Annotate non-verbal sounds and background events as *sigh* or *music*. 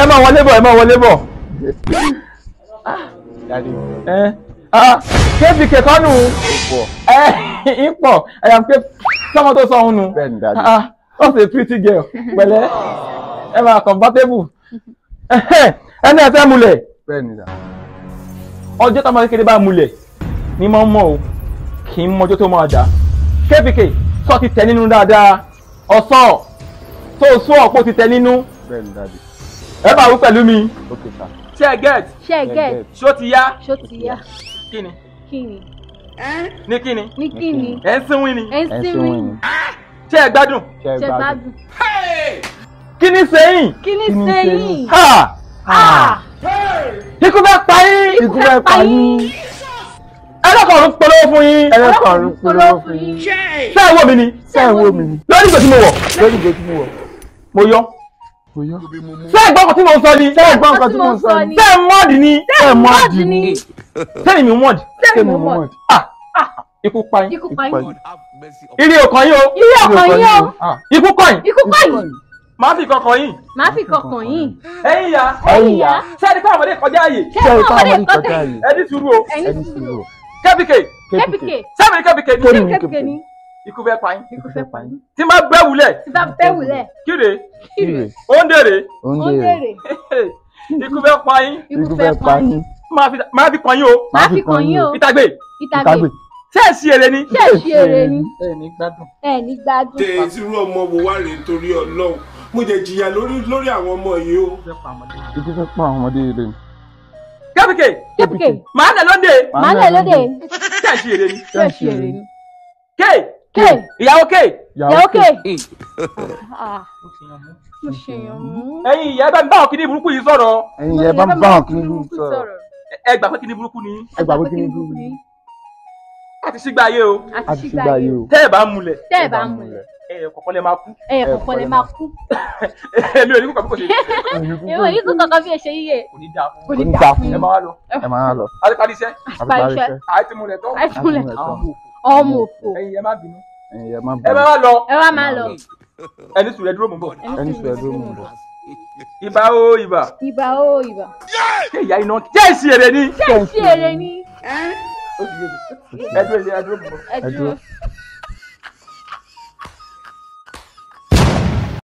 ẹ máa wọlé bọ̀ ẹ máa wọlé bọ̀. Ah, ah, kébì kẹkọ́nù eh, ipò ẹ̀yàm ké sọ́mọ tó sọ òun nu ó sì pretty girl pẹ̀lẹ́ ẹ máa comfortable eh, ẹni ẹ fẹ́ múlẹ̀ ọjọ́ tó máa kékeré bá múlẹ̀ ní mọ́ mọ́ o kì í mọjọ́ tó máa dá kébìkè sọ ti tẹ̀ nínú dáadáa ọ̀sán tó sọ ọ̀pọ̀ ti tẹ̀ nínú. bẹ́ẹ̀ ni ẹ bá wí pẹ̀lú mi. okay sir. ṣe get. ṣe get. ṣó ti yá. ṣó ti yá. kí ni. kí ni. ní kí ni. ní kí ni. ẹ ń sinwi ni. ẹ ń sinwi ni. ṣé ẹ gbádùn. ṣé ẹ gbádùn. kí sẹ́yìn. kí sẹ́yìn. ha ha. ikú bẹ́ẹ̀ pa yín. ikú bẹ́ẹ̀ pa yín ẹlẹ́kọ̀ọ́rún polówó fún yín. ẹlẹ́kọ̀ọ́rún polówó fún yín. ṣé ẹ wo mi ni. ṣé ẹ wo mi ni. lórí ìgbésí mo wọ̀. lórí ìgbésí mo wọ̀. mo yọ sẹ́ẹ̀ gbọ́ nǹkan tí mo ń sọ ni sẹ́ẹ̀ gbọ́ nǹkan tí mo ń sọ ni sẹ́ẹ̀ mọ́ọ̀dì ni sẹ́ẹ̀ mọ́ọ̀dì ni sẹ́ẹ̀ mi mọ́ọ̀dì sẹ́ẹ̀ mi mọ́ọ̀dì ikú pààyàn ikú pààyàn ilé ọkàn yìí o ilé ọkàn yìí o ah, ikú kọ̀yìn ikú kọ̀yìn máa fi kọkàn yìí máa fi kọkàn yìí ẹ̀yin ya ẹ̀yin ya sẹ́ẹ̀dì káwọn ọmọdé kọjá ààyè sẹ́ẹ̀dì káwọn ọmọdé kọjá ààyè ẹni sùúrù o ẹni sùúrù o kẹ́bíkè kẹ́bíkè sẹ́ẹ̀mì kẹ́bíkè ni kẹ́bíkè ni ikú fẹ́ pa yín. ikú fẹ́ pa yín. tí n bá bẹ́ wulẹ̀. tí n bá bẹ́ wulẹ̀. kíre. kíre. ó ń dèrè. ó ń dèrè. ikú fẹ́ pa yín. ikú fẹ́ pa yín. máa fi kàn yín o. máa fi kàn yín o. ìtàgbé. ìtàgbé. ṣé ẹ sí èrè ni. ṣé ẹ sí èrè ni. ẹ ní gbádùn. ẹ ní gbádùn. tẹ ìṣirò ọmọ wo wá rèé torí Ọlọ́run mo jẹ jìyà lórí lórí àwọn ọmọ yìí o. ikú fẹ́ pa àwọn ọmọdé yìí lé ni kẹ́pìkẹ́ kẹ́pìkẹ́ màá lóde. màá lóde. ṣé èrè ni. ṣé èrè ni. kéè ìyàwó ké ìyàwó ké ah. ẹ̀yin ìyá bá ń bá ọkìnrin burúkú yìí sọ̀rọ̀ ẹ̀yin ìyá bá ń bá ọkìnrin burúkú sọ̀rọ̀ ẹ gbà pé kíni burúkú ni ẹ gbà pé kíni burúkú ni a ti sígbà ayé o a ti sígbà ayé o tẹ́ ẹ bá múlẹ̀ tẹ́ ẹ bá múlẹ̀ ẹyẹ kọ̀kọ́ lẹ máa kú ẹyẹ kọ̀kọ́ lẹ máa kú *laughs* èmi ò ní kú kankan bí kò ṣe yíyẹ kò ní dáa kò ní dáa ẹ máa lọ ẹ máa lọ àti parí ọmọ òfò. ẹ̀yin ẹ má bínú. ẹ̀yin ẹ má bínú. ẹ má lọ. ẹ wá má lọ. ẹni sùn ẹ dúró mò ń bọ̀. ẹni sùn ẹ dúró mò ń bọ̀. ibà o ibà. ibà o ibà. ṣé ìyá iná ṣé èsì èrè ni. ṣé èsì èrè ni. ẹ dúró ẹ dúró